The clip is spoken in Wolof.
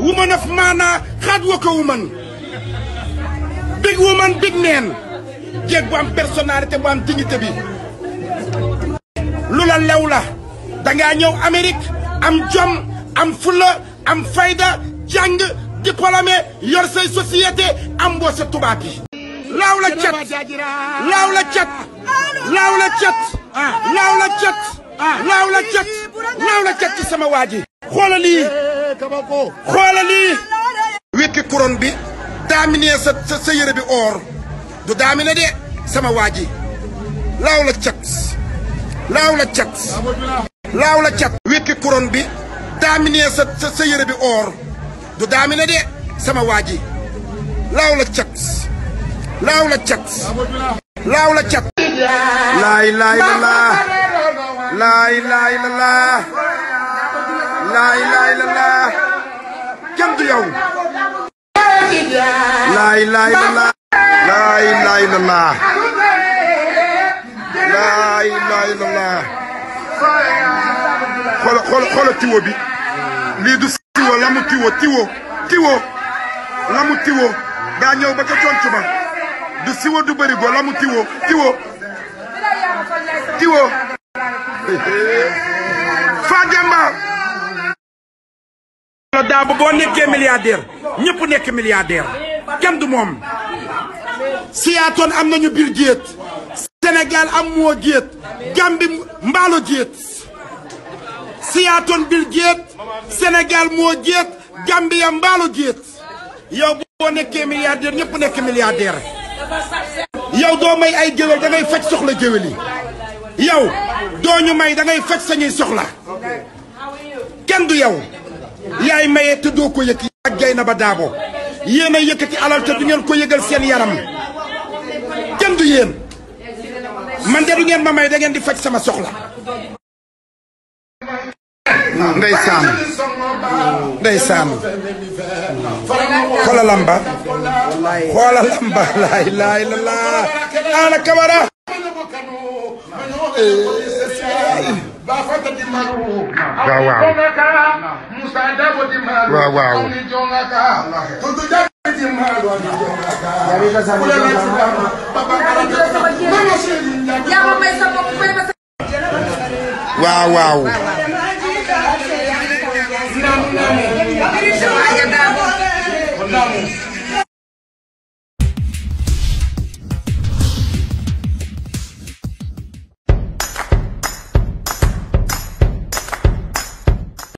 woman of maanaa hard worker woman big woman big man jeeg bu am personnalité bu am dignité lu la lew la dangaa ñëw Amérique am jom am fula am fayda jàng diplômé yor say société am boo sa tubaab yi laaw la cat laaw ah, ah, la cat ci sama waa xoolal lii xoolal lii wekki couronne bi daamine sa sa bi or du daamine de sama waa laaw la cat laaw la cat laaw la bi daamine sa sa bi or du daamine de sama waa ji laaw la cat laaw la cat laay laay la laa laa ilaaha illallah kenn du yow. laa ilaaha illallah. laa ilaaha illallah. laa ilaaha illallah. xoolal xoolal xoolal tiwo bi. lii du tiwo la mu tiwo tiwo tiwo la mu tiwo daa ñëw ba ca conc ba du siwo du bëri go la mu tiwo tiwo tiwo daa ba boo nekkee milliardaire ñëpp nekk milliardaire kenn moom siyaatoon am nañu biir géet Sénégal am moo géet Gambi mbaalo géet siyaatoon biir géet Sénégal moo géet Gambia mbaalo géet yow boo nekkee milliardaire ñëpp nekk milliardaire yow doo may ay géwél da faj soxla géwél yi yow doo ñu may da faj sañuy soxla kenn du yaay maye te doo ko yëg ak jay na ba daabo yéen a yëkkati alal te du ngeen ko yëgal seen yaram kenn du man de du ngeen ma may da ngeen di faj sama soxla. ndeysaan ndeysaan xoola lamba xoola lamba laay laay la laa ana kabara bafata waaw waaw waaw